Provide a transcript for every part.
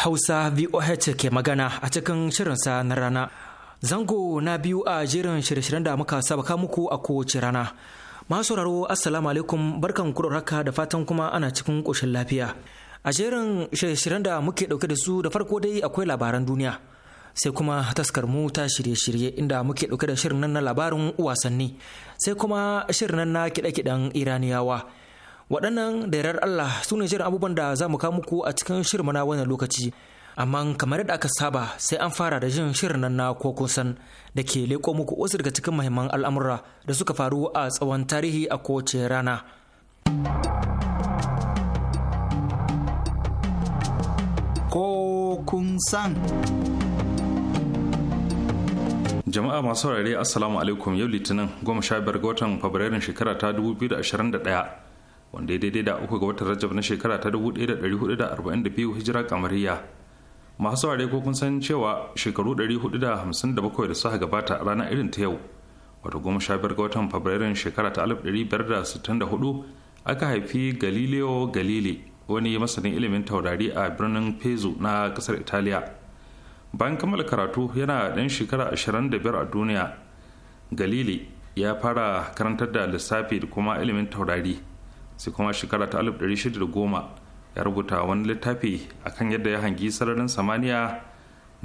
Hausa VOH ke magana a cikin shirinsa na rana. Zango na biyu a jerin shirye-shiryen da muka sabaka muku a kowace rana. Masu raro, Assalamu alaikum barkan kudurraka da fatan kuma ana cikin ƙoshin lafiya. A jerin shirye-shiryen da muke ɗauke da su da farko dai akwai labaran duniya. sai kuma taskar mu ta shirye-shirye inda muke ɗauke da shirin nan na labarin wasanni sai kuma shirin nan na kiɗe-kiɗen iraniyawa waɗannan da yarar Allah su ne jiran abubuwan da za mu kawo muku a cikin shirin na wannan lokaci amma kamar yadda aka saba sai an fara da jin shirin nan na ko san da ke leƙo muku wasu daga cikin mahimman al'amura da suka faru a tsawon tarihi a kowace rana kokun san jama'a masu saurare assalamu alaikum yau litinin 15 ga watan fabrairun shekara ta 2021 wanda ya daidai da uku ga watan rajab na shekara ta 1442 hijira kamariya masu saurare ko kun san cewa shekaru 457 da suka gabata a ranar irin ta yau wato goma sha biyar ga watan fabrairun shekara ta 1564 aka haifi galileo galile wani masanin ilimin taurari a birnin pezu na kasar italiya bayan kammala karatu yana ɗan shekara 25 a duniya galile ya fara karantar da lissafi da kuma ilimin taurari sai kuma shekara ta 1610 ya rubuta wani littafi akan yadda ya hangi sararin samaniya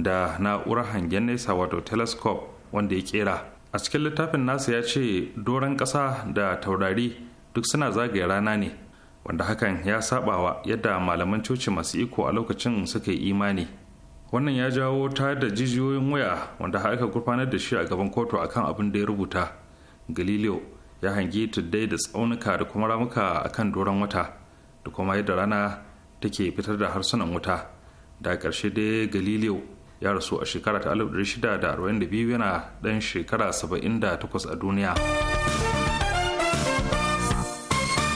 da na'urar hangen nesa wato telescope wanda ya kera a cikin littafin nasa ya ce doron ƙasa da taurari duk suna zagaya rana ne wanda hakan ya sabawa yadda malaman coci masu iko a lokacin suka yi imani wannan ya jawo ta da jijiyoyin waya wanda aka gurfanar da shi a gaban kotu akan abin da ya rubuta galileo ya hangi today da tsaunuka da kuma ramuka a kan doron wata da kuma yadda rana take fitar da harsunan wuta da ƙarshe dai galileo ya rasu a shekara ta 1642 yana ɗan shekara 78 a duniya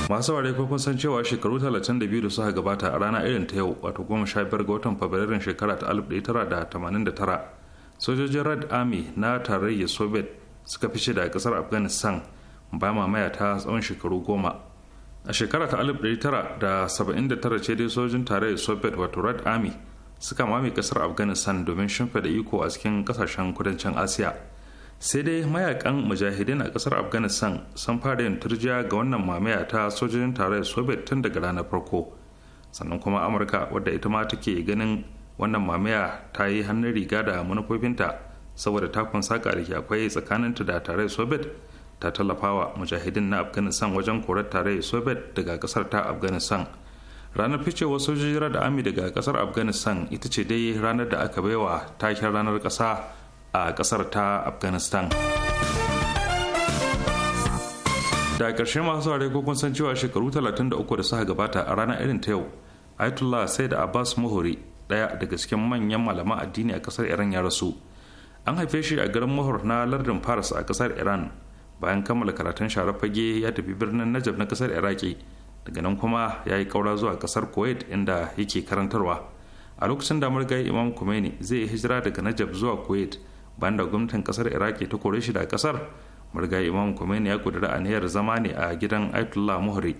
masu ware kun san cewa shekaru 32 da suka gabata a rana irin ta yau wato biyar ga watan fabrairun shekara ta 1989 sojojin red army na tarayyar soviet suka fice da kasar afghanistan bayan mamaya ta tsawon shekaru goma a shekara ta 1979 ce dai sojin tarayyar soviet wato red army suka mame kasar afghanistan domin shimfida iko a cikin kasashen kudancin asiya sai dai mayakan mujahidin a kasar afghanistan sun fara yin turjiya ga wannan mamaya ta sojojin tarayyar soviet tun daga ranar farko sannan kuma amurka wadda ita ma take ganin wannan mamaya ta yi hannun riga da manufofinta saboda takun saka da ke akwai tsakaninta da tarayyar soviet ta tallafawa mujahidin na afghanistan wajen korar tarayyar soviet daga kasar ta afghanistan ranar ficewa sojojira da ami daga kasar afghanistan ita ce dai ranar da aka baiwa taken ranar kasa a kasar ta afghanistan da ƙarshe masu saurari ko kun san cewa shekaru 33 da suka gabata a ranar irin ta yau ayatollah da abbas muhuri daya daga cikin manyan malaman addini a kasar iran ya rasu an haife shi a garin muhur na lardin paris a kasar iran bayan kammala karatun share fage ya tafi birnin najab na kasar iraki daga nan kuma ya yi kaura zuwa kasar kuwait inda yake karantarwa a lokacin da marigayi imam kumeni zai hijira daga najab zuwa kuwait bayan da gwamnatin kasar iraki ta kore shi da kasar marigayi imam kumeni ya kudura aniyar zama ne a gidan aitullah muhri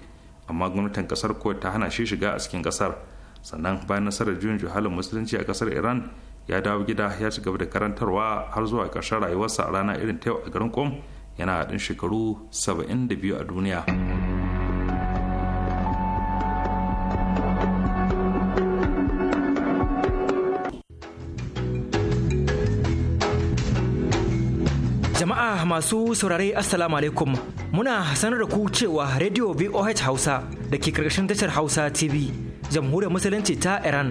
amma gwamnatin kasar kuwait ta hana shi shiga a cikin kasar sannan bayan nasarar juyin juhalin musulunci a kasar iran ya dawo gida ya ci gaba da karantarwa har zuwa ƙarshen rayuwarsa a rana irin ta yau a garin kom yana ɗan shekaru 72 a duniya jama'a masu saurare assalamu alaikum muna sanar da ku cewa radio voh hausa da ke karkashin tashar hausa tv jamhuriyar musulunci ta iran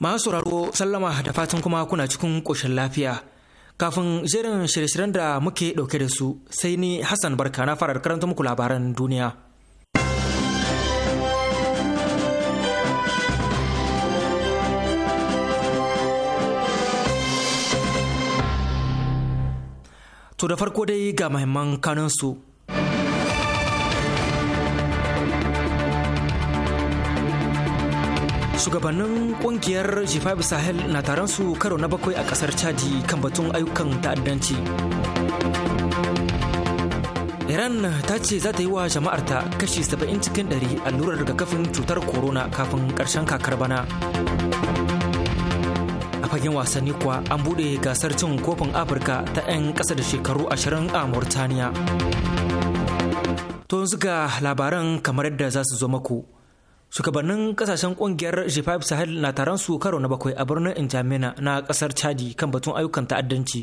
Masu sauraro sallama da fatan kuma kuna cikin ƙoshin lafiya. Kafin jerin shirye-shiryen da muke ɗauke da su sai ni Hassan Barka na fara karanta muku labaran duniya. To da farko dai ga mahimman kanunsu. shugabannin kungiyar g5 sahel na taron su karo na bakwai a kasar chadi kan batun ayyukan ta'addanci iran ta ce za ta yi wa jama'arta kashi 70 cikin 100 allurar kafin cutar corona kafin karshen kakar bana a fagen wasanni kuwa an bude gasar cin kofin afirka ta 'yan kasa da shekaru 20 a mauritaniya to yanzu ga labaran kamar yadda za su zo maku shugabannin kasashen kungiyar g5 sahel na taron su karo na bakwai a birnin injamina na kasar chadi kan batun ayyukan ta'addanci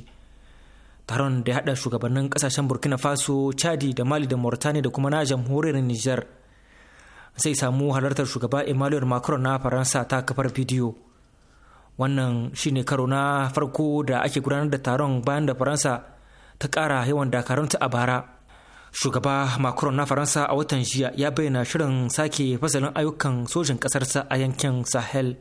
taron da ya hada shugabannin kasashen burkina faso chadi da mali da mauritania da kuma na jamhuriyar niger sai samu halartar shugaba emmanuel macron na faransa ta kafar bidiyo wannan shine karo na farko da ake gudanar da taron bayan da faransa ta kara yawan dakarunta a bara shugaba macron na faransa a watan jiya ya bayyana shirin sake fasalin ayyukan sojin ƙasarsa a yankin sahel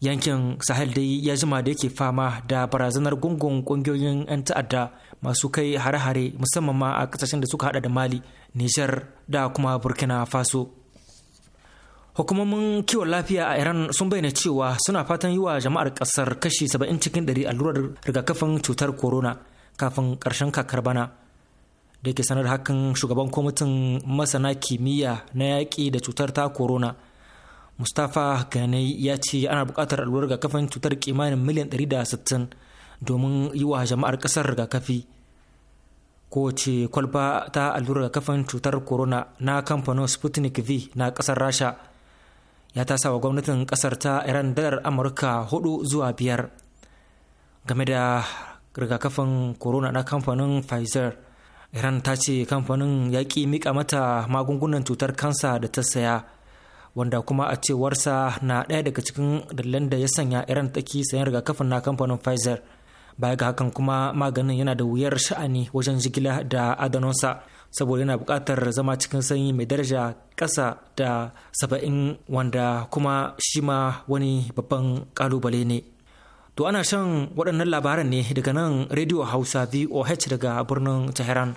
yankin sahel dai ya jima da yake fama da barazanar gungun ƙungiyoyin 'yan ta'adda masu kai hare-hare musamman ma a kasashen da suka hada da mali nijar da kuma burkina faso hukumomin kiwon lafiya a iran sun bayyana cewa suna fatan yi wa jama'ar kasar kashi 70 cikin 100 allurar rigakafin cutar corona kafin ƙarshen kakar bana da ke sanar hakan shugaban kwamitin masana kimiyya na yaƙi da cutar ta corona mustapha ganai ya ce ana buƙatar allurar kafin cutar kimanin miliyan 160 domin yi wa jama'ar ƙasar rigakafi kowace kwalba ta allurar kafin cutar corona na kamfanin sputnik v na ƙasar rasha ya tasa wa gwamnatin ƙasar ta iran dalar amurka 4 zuwa biyar game da rigakafin corona na kamfanin pfizer iran ta ce kamfanin ya ƙi mika mata magungunan cutar kansa da ta saya wanda kuma a cewarsa na ɗaya daga cikin dalilan da ya sanya iran ki sayan rigakafin na kamfanin pfizer baya ga hakan kuma maganin yana da wuyar sha'ani wajen jigila da adanonsa saboda yana buƙatar zama cikin sanyi mai daraja ƙasa da saba'in wanda kuma shi ma wani babban ƙalubale ne To ana shan waɗannan labaran ne daga nan Radio Hausa VOH daga birnin Tehran.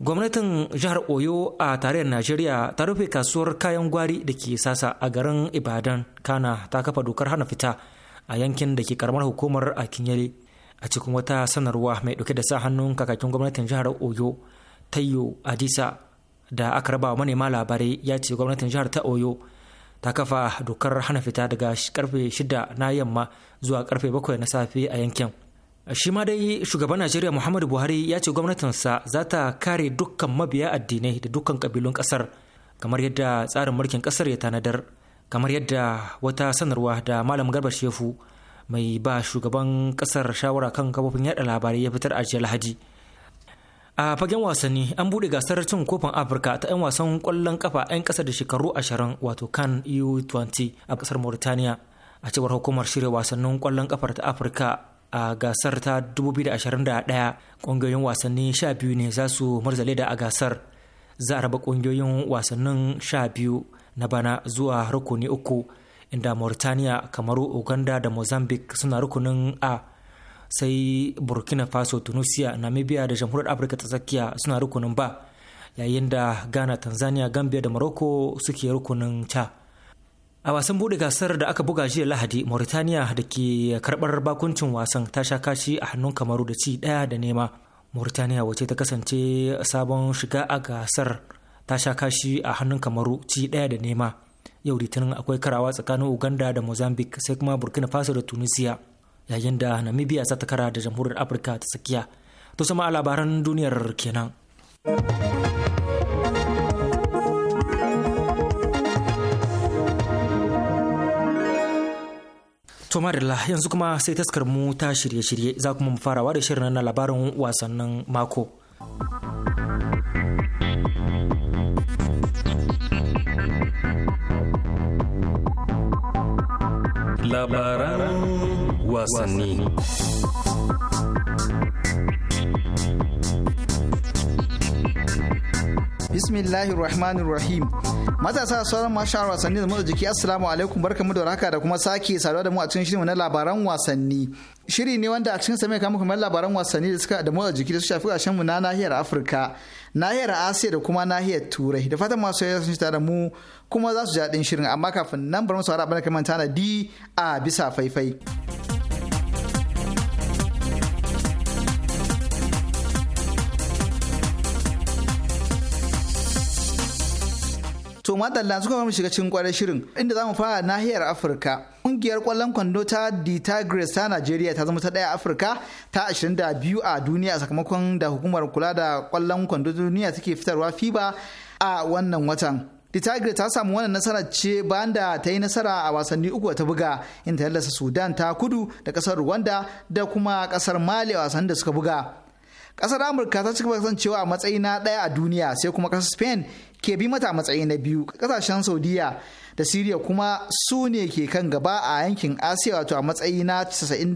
Gwamnatin jihar Oyo a tarayyar Najeriya ta rufe kasuwar kayan gwari da ke sasa a garin Ibadan, Kana ta kafa dokar hana fita a yankin da ke karamar hukumar a Akinyele. A cikin wata sanarwa mai ɗauke da sa hannun kakakin gwamnatin jihar Oyo, Tayo Adisa da aka raba manema labarai ya ce gwamnatin jihar ta Oyo ta kafa dokar hana fita daga karfe 6 na yamma zuwa karfe 7 na safe a yankin shi ma dai shugaban najeriya muhammadu buhari ya ce gwamnatinsa za ta kare dukkan mabiya addinai da dukkan kabilun kasar kamar yadda tsarin mulkin kasar ya tanadar kamar yadda wata sanarwa da malam garba shefu mai ba shugaban kasar shawara kan kafofin yada labarai ya fitar a jiya lahadi a fagen wasanni an bude gasar cin kofin afirka ta 'yan wasan kwallon kafa 'yan ƙasa da shekaru ashirin wato kan eu 20 a kasar mauritania a cewar hukumar shirya wasannin kwallon kafar ta afirka a gasar ta 2021 ƙungiyoyin wasanni 12 ne za su marzale da a gasar za a raba ƙungiyoyin wasannin 12 na bana zuwa rukuni uku inda mauritania kamaru uganda da mozambique suna rukunin a sai burkina faso tunisia namibia da jamhuriyar afirka ta tsakiya suna rukunin ba yayin da ghana tanzania gambia da morocco suke rukunin ca a wasan bude gasar da aka buga jiya lahadi mauritania da ke karbar bakuncin wasan ta sha kashi a hannun kamaru da ci daya da nema mauritania wace ta kasance sabon shiga a gasar ta sha kashi a hannun kamaru ci daya da nema yau litinin akwai karawa tsakanin uganda da mozambique sai kuma burkina faso da tunisia yayin da namibia za ta kara da jamhuriyar afirka ta tsakiya to sama labaran duniyar kenan tomarilla yanzu kuma sai taskar mu ta shirye-shirye za kuma mu farawa da shirin na labarin wasannin mako labaran wasanni. Bismillahir Rahmanir Rahim. Matasa sauran mashawar wasanni da motsa jiki Assalamu alaikum barkamu da raka da kuma sake saduwa da mu a cikin shirin na labaran wasanni. Shiri ne wanda a cikin sa mai kama kamar labaran wasanni da suka da motsa jiki da su shafi ƙarshen mu na nahiyar Afirka, nahiyar Asiya da kuma nahiyar Turai. Da fatan masu yawa sun shi da mu kuma za su ji daɗin shirin amma kafin nan bari mu saurara abin da kamar tanadi a bisa faifai. To madalla suka mu shiga cikin kwarar shirin inda zamu fara nahiyar Afirka. Kungiyar kwallon kwando ta The Tigers ta Najeriya ta zama ta daya Afirka ta 22 a duniya sakamakon da hukumar kula da kwallon kwando duniya take fitarwa FIBA a wannan watan. The Tigers ta samu wannan nasara ce bayan da ta yi nasara a wasanni uku ta buga inda ta Sudan ta kudu da kasar Rwanda da kuma kasar Mali a wasannin da suka buga. Ƙasar Amurka ta cika kasancewa a matsayi na ɗaya a duniya sai kuma ƙasar Spain ke bi mata matsayi na biyu. Ƙasashen Saudiya da Siriya kuma su ne ke kan gaba a yankin Asiya wato a matsayi na 91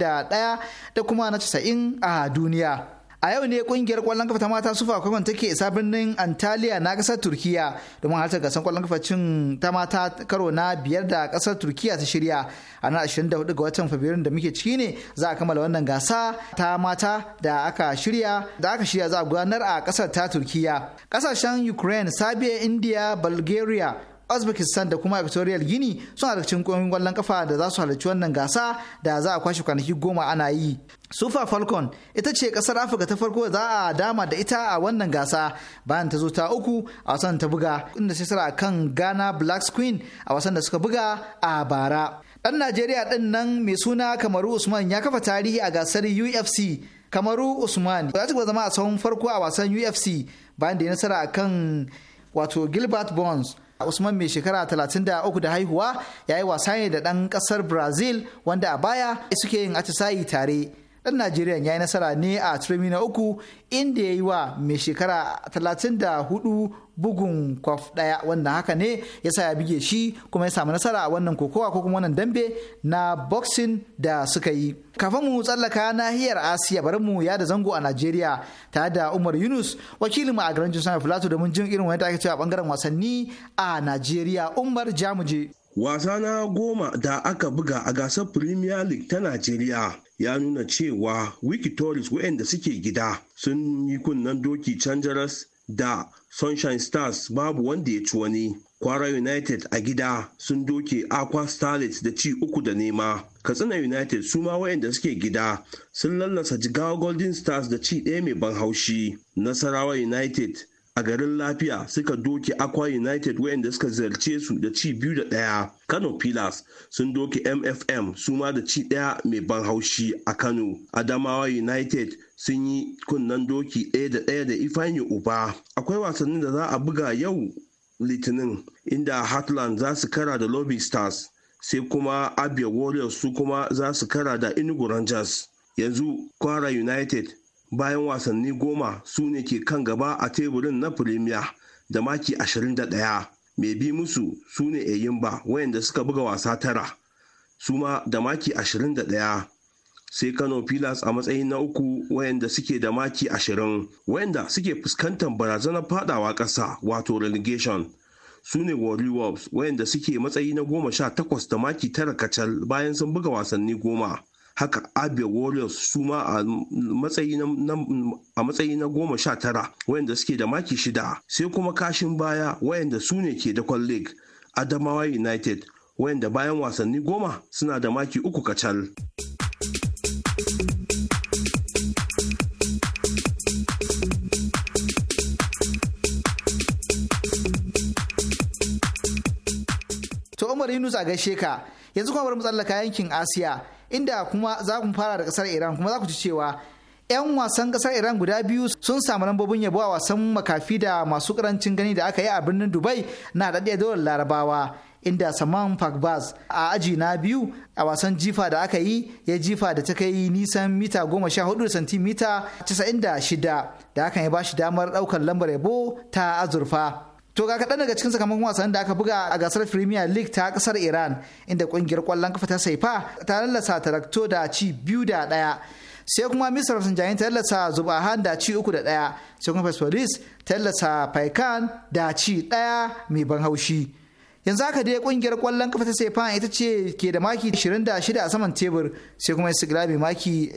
da kuma na 90 a duniya. a yau ne kungiyar kwallon kafa ta mata sufa kwakwan take isa birnin antalya na kasar turkiya domin halartar gasar kwallon kafa cin ta mata karo na biyar da kasar turkiya ta shirya a nan 24 ga watan fabrairu da muke ciki ne za a kammala wannan gasa ta mata da aka shirya da aka shirya za a gudanar a kasar ta turkiya kasashen ukraine sabiya india bulgaria uzbekistan da kuma equatorial guinea suna da cikin kwallon kafa da za su halarci wannan gasa da za a kwashe kwanaki goma ana yi Super Falcon ita ce kasar Afirka ta farko za a dama da ita a wannan gasa bayan ta zo ta uku a wasan ta buga inda sai sara kan Ghana Black Queen a wasan da suka buga a bara. Dan Najeriya din nan mai suna Kamaru Usman ya kafa tarihi a gasar UFC. Kamaru Usman ya ci zama a sahun farko a wasan UFC bayan da ya nasara kan wato Gilbert Burns. Usman mai shekara 33 da haihuwa ya yi wasa ne da ɗan kasar Brazil wanda a baya suke yin atisayi tare. dan najeriya ya yi nasara ne a turmi na uku inda ya yi wa mai shekara 34 bugun kwaf daya wanda haka ne ya sa ya bige shi kuma ya samu nasara a wannan kokowa ko kuma wannan dambe na boxing da suka yi kafin mu tsallaka nahiyar asiya bari mu ya da zango a najeriya Ta da umar yunus wakilin mu a garin jinsu filato domin jin irin wani da ake cewa bangaren wasanni a najeriya umar jamuje wasa na goma da aka buga a gasar premier league ta najeriya ya nuna cewa wikitoris waɗanda suke gida sun yi kunnen doki canjaras da sunshine stars babu wanda ya ci wani kwara united a gida sun doke aqua starlet da ci uku da nema katsina united su ma wayanda suke gida sun lallasa jigawa golden stars da ci ɗaya mai ban haushi nasarawa united a garin lafiya suka doke aqua united wayanda suka ziyarce su da ci biyu da ɗaya kano pillars sun doke mfm su ma da ci ɗaya mai ban haushi a kano adamawa united sun yi kunnen doki ɗaya da ɗaya da Ifanyi uba akwai wasannin da za a buga yau litinin inda heartland za su kara da lobby stars sai kuma abia warriors su kuma za su kara da inugu rangers yanzu kwara united bayan wasanni goma su ne ke kan gaba a teburin na Premier da maki 21 mai bi musu su ne Eyimba wayanda suka buga wasa tara su ma da maki 21 sai Kano Pilas a matsayin na uku wayanda suke da maki 20 wayanda suke fuskantar barazanar fadawa ƙasa wato relegation su ne Warriors wayanda suke matsayi na goma sha takwas da maki tara kacal bayan sun buga wasanni goma. haka abia warriors su ma a matsayi na goma sha tara wayanda suke da maki shida sai kuma kashin baya wayanda su ne ke da league adamawa united wayanda bayan wasanni goma suna da maki uku kacal. ta Umar Yunus a gaishe ka yanzu kuma bari mu tsallaka yankin Asiya inda kuma za ku fara da kasar Iran kuma za ku ci cewa 'yan wasan kasar Iran guda biyu sun samu lambobin yabo a wasan makafi da masu karancin gani da aka yi a birnin Dubai na daɗe daular Larabawa inda Saman Fakbaz a aji na biyu a wasan jifa da aka yi ya jifa da ta kai nisan mita goma sha hudu santimita casa'in da shida da hakan ya ba shi damar ɗaukar lambar yabo ta azurfa. To ga kaɗan daga cikin sakamakon wasannin da aka buga a gasar Premier League ta ƙasar Iran inda ƙungiyar ƙwallon kafa ta saifa ta lallasa tarakto da ci biyu da ɗaya. Sai kuma Misr Rafsanjani ta lallasa Zubahan da ci uku da ɗaya. Sai kuma Persepolis ta lallasa Faikan da ci ɗaya mai ban haushi. yanzu haka dai kungiyar kwallon kafa ta sefan ita ce ke da maki 26 a saman tebur sai kuma su mai maki 26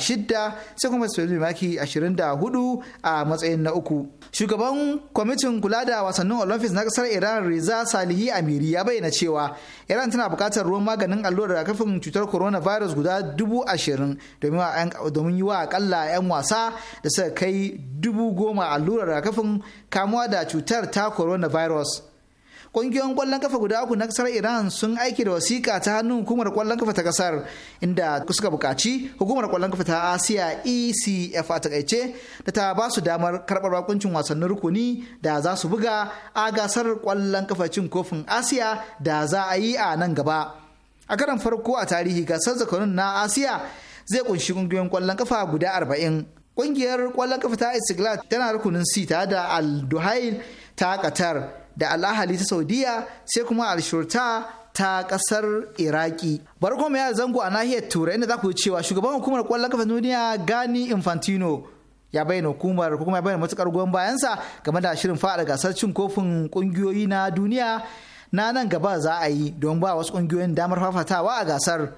sai kuma mai maki 24 a matsayin na uku shugaban kwamitin kula da wasannin olympics na kasar iran reza salihi amiri ya bayyana cewa iran tana buƙatar ruwan maganin allurar rigakafin cutar coronavirus guda dubu ashirin domin yi wa akalla 'yan wasa da suka kai dubu goma allurar rigakafin kamuwa da cutar ta coronavirus. kungiyoyin kwallon kafa guda uku na ƙasar iran sun aiki da wasiƙa ta hannun hukumar kwallon kafa ta kasar inda suka buƙaci hukumar kwallon kafa ta asiya ecf a takaice da ta ba su damar karɓar bakuncin wasannin rukuni da za su buga a gasar ƙwallon kafa cin kofin asiya da za a yi a nan gaba a karan farko a tarihi gasar zakonin na asiya zai kunshi ƙungiyoyin kwallon kafa guda arba'in ƙungiyar kwallon kafa ta istiklal tana rukunin sita da al ta qatar da alahali ta saudiya sai kuma alshurta ta kasar iraki bari kuma ya zango a nahiyar turai inda za ku cewa shugaban hukumar kwallon kafa duniya gani infantino ya bayyana hukumar ko kuma ya bayyana matukar goyon bayansa game da shirin fada gasar cin kofin kungiyoyi na duniya na nan gaba za a yi don ba wasu kungiyoyin damar fafatawa a gasar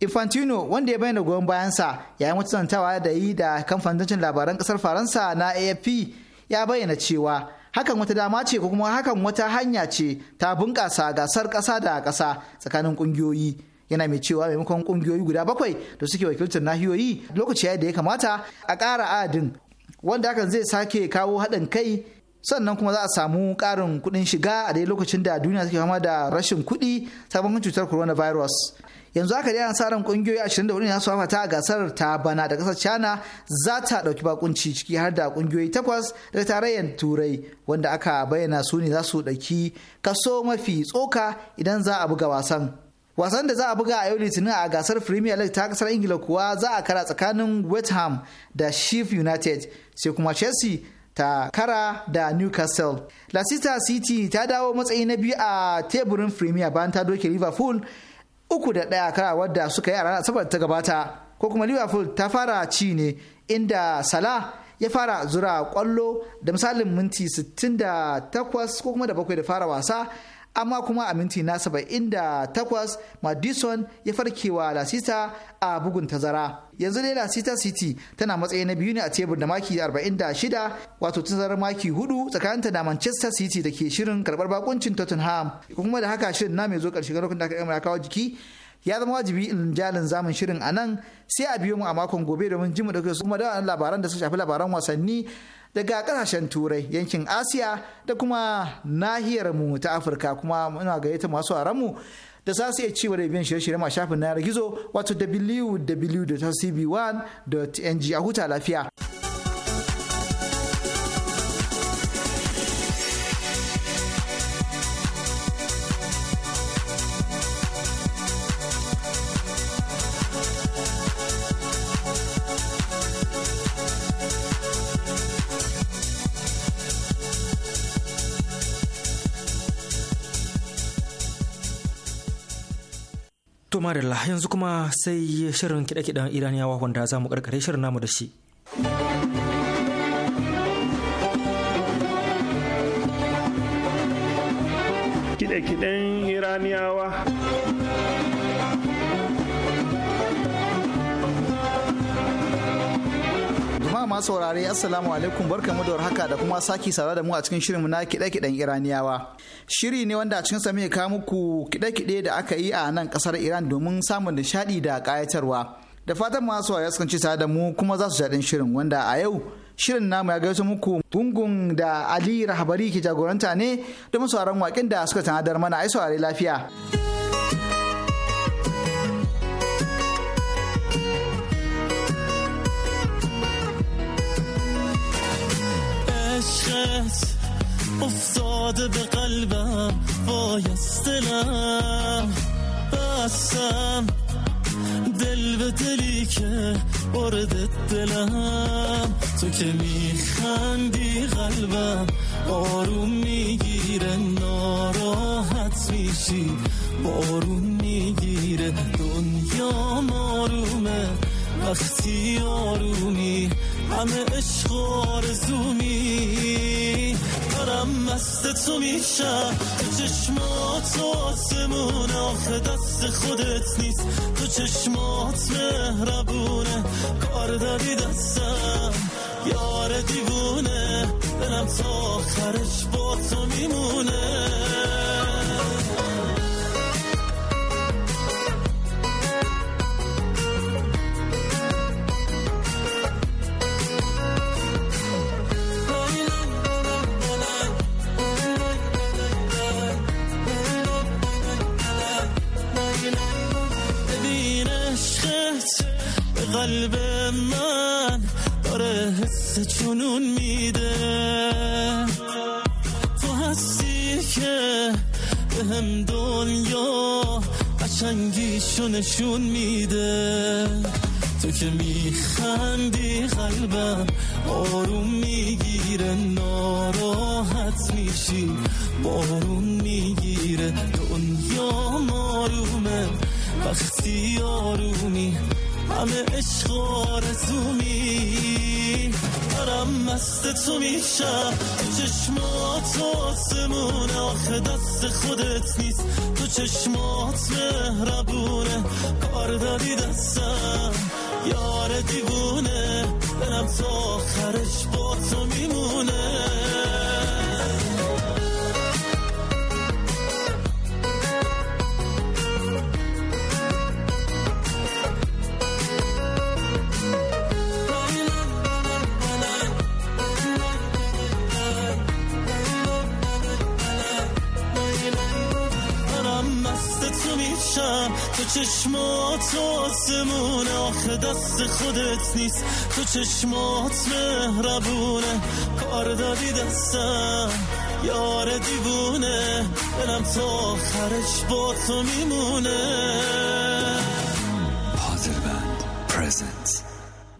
Infantino wanda ya bayyana goyon bayansa yayin mutuntawa da yi da kamfanin labaran kasar Faransa na AFP ya bayyana cewa hakan wata dama ce ko kuma hakan wata hanya ce ta bunƙasa gasar ƙasa da ƙasa tsakanin ƙungiyoyi yana mai cewa maimakon ƙungiyoyi guda bakwai da suke wakiltar nahiyoyi lokaci da ya kamata a ƙara adadin wanda hakan zai sake kawo haɗin kai sannan kuma za a samu ƙarin kuɗin shiga a dai lokacin da duniya take fama da rashin kuɗi sabon cutar coronavirus yanzu haka dai an sa ran kungiyoyi 24 ne su fafata a gasar ta bana da kasar China za ta dauki bakunci ciki har da kungiyoyi takwas daga tarayyar Turai wanda aka bayyana su ne za su dauki kaso mafi tsoka idan za a buga wasan wasan da za a buga a yau litinin a gasar premier league ta kasar ingila kuwa za a kara tsakanin west ham da chief united sai kuma chelsea ta kara da newcastle leicester city ta dawo matsayi na biyu a teburin premier bayan ta doke liverpool uku da ɗaya kara wadda suka yi a ranar asabar ta gabata ko kuma liverpool ta fara ci ne inda salah ya fara zura kwallo da misalin minti 68 ko kuma da bakwai da fara wasa amma kuma a minti na 78 madison ya farkewa lasita a bugun tazara yanzu dai lasita city tana matsayi na biyu ne a tebur da maki 46 wato tazarar maki hudu tsakaninta da manchester city da ke shirin karbar bakuncin tottenham kuma da haka shirin na mai zo karshe garo da aka kawo jiki ya zama wajibi in jalin zamun shirin a nan sai a biyo mu a makon gobe domin jin mu su kuma da labaran da suka shafi labaran wasanni daga kasashen turai yankin asiya da kuma nahiyar mu ta afirka kuma muna gayyata masu mu da za su iya ci da biyan shirye-shirye ma shafin na gizo wato www.cb1.ng a huta lafiya. da Marilla yanzu kuma sai shirin kiɗe-kiɗen Iraniyawa wanda za mu karkare shirin namu da shi. Kiɗe-kiɗen Iraniyawa. masu saurare assalamu alaikum barka da haka da kuma saki saurara da mu a cikin shirinmu na kiɗe-kiɗen iraniyawa shiri ne wanda a cikin sami ka muku kiɗe-kiɗe da aka yi a nan ƙasar iran domin samun nishaɗi da ƙayatarwa da fatan masu saurare sukan ci tare da mu kuma za su jaɗin shirin wanda a yau shirin namu ya gaisa muku gungun da Ali Rahabari ke jagoranta ne don masu waƙen da suka tanadar mana ai saurare lafiya. عشقت افتاده به قلبم وای از دلم بستم دل به دلی که برده دلم تو که میخندی قلبم آروم میگیره ناراحت میشی بارون میگیره دنیا آرومه وقتی آرومی همه عشق و آرزومی دارم مست تو میشم تو چشمات و آسمون آخه دست خودت نیست تو چشمات مهربونه کار داری دستم یار دیوونه برم تا آخرش با تو میمونه نشون میده تو که میخندی قلبم آروم می آرزومی دارم مست تو میشم تو چشمات و آسمون دست خودت نیست تو چشمات مهربونه کار دستم یار دیوونه برم تا آخرش با تو میمونه چشمات آسمون آخه دست خودت نیست تو چشمات مهربونه کار دادی دستم یار دیوونه دلم تا آخرش با تو میمونه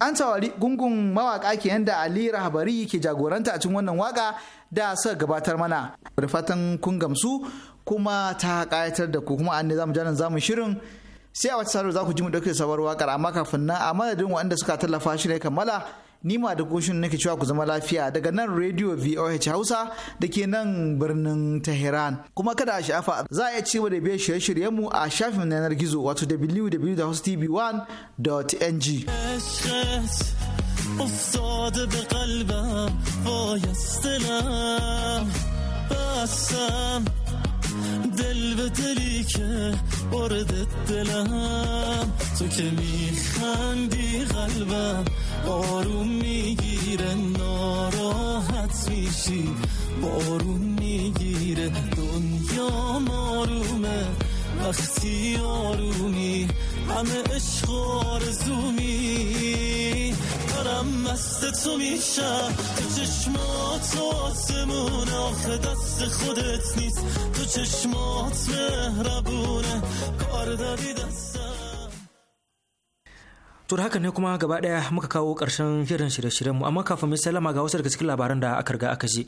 an saurari gungun mawaƙa kenan da Ali Rahabari ke jagoranta a cikin wannan waka da suka gabatar mana. Da fatan kun gamsu kuma ta ƙayatar da ku kuma an ne zamu janin zamu shirin sai a wata sarwa za ku ji mu dauke sabar waƙar amma kafin nan a madadin waɗanda suka tallafa shi ne kammala ni ma da kushin nake cewa ku zama lafiya daga nan radio VOH Hausa da ke nan birnin Tehran kuma kada a sha'afa za a iya ci da biyan shirye-shiryen mu a shafin yanar gizo wato www.hostv1.ng افتاده دل به دلی که وارد دلم تو که میخندی قلبم آروم میگیره ناراحت میشی بارون میگیره دنیا مارومه وقتی آرومی همه عشق آرزومی دارم مست haka ne kuma gaba daya muka kawo karshen shirin shirye mu amma kafin mai salama ga wasu daga cikin labaran da aka riga aka ji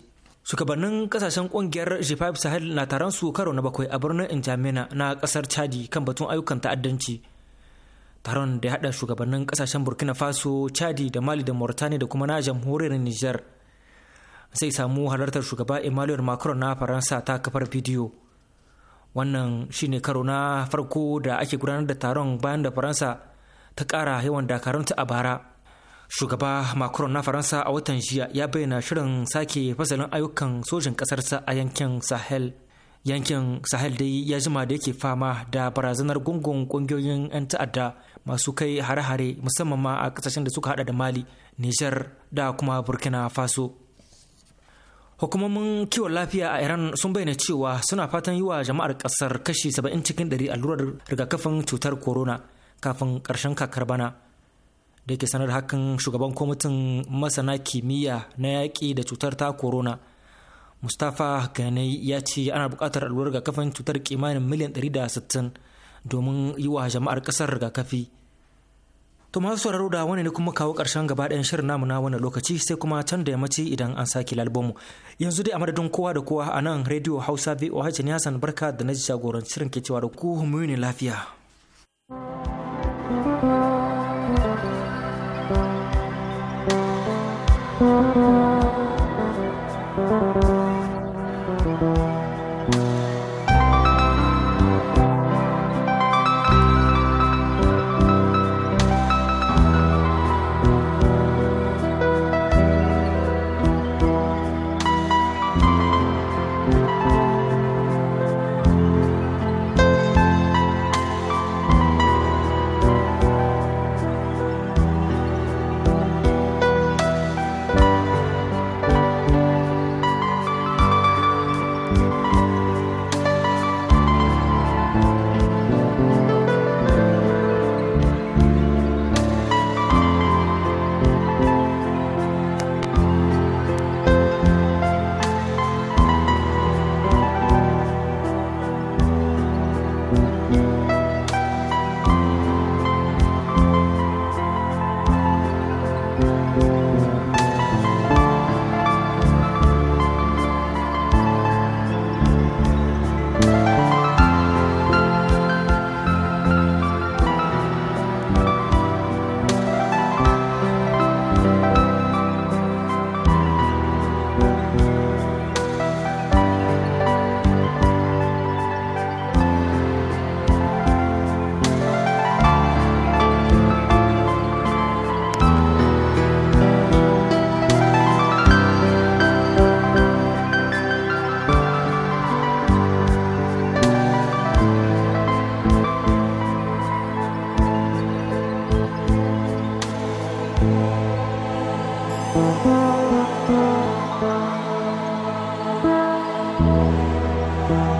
shugabannin kasashen kungiyar g5 sahel na taron su karo na bakwai a birnin injamena na kasar chadi kan batun ayyukan ta'addanci taron da ya haɗa shugabannin ƙasashen burkina faso chadi da mali da mauritania da kuma na jamhuriyar niger zai samu halartar shugaba emmanuel macron na faransa ta kafar bidiyo wannan shine karo na farko da ake gudanar da taron bayan da faransa ta ƙara yawan dakaranta a bara shugaba macron na faransa a watan jiya ya bayyana shirin sake fasalin ayyukan sojin ƙasarsa a yankin sahel yankin sahel dai ya jima da yake fama da barazanar gungun kungiyoyin 'yan ta'adda masu kai hare-hare musamman ma a kasashen da suka hada da mali nijar da kuma burkina faso hukumomin kiwon lafiya a iran sun bayyana cewa suna fatan yi wa jama'ar kasar kashi 70 cikin 100 allurar rigakafin cutar corona kafin karshen kakar bana da yake sanar hakan shugaban kwamitin masana kimiyya na yaƙi da cutar ta corona mustapha ganai ya ce ana buƙatar ga rigakafin cutar kimanin miliyan 160 domin yi wa jama'ar ƙasar rigakafi to masu sauraro da wani ne kuma kawo ƙarshen gaba ɗayan shirin namu na wani lokaci sai kuma can da yammaci idan an sake lalbomu yanzu dai a madadin kowa da kowa a nan rediyo hausa voh ne hassan barka da na jagoranci shirin ke cewa da ku mu ne lafiya thank you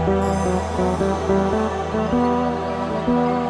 Thank you.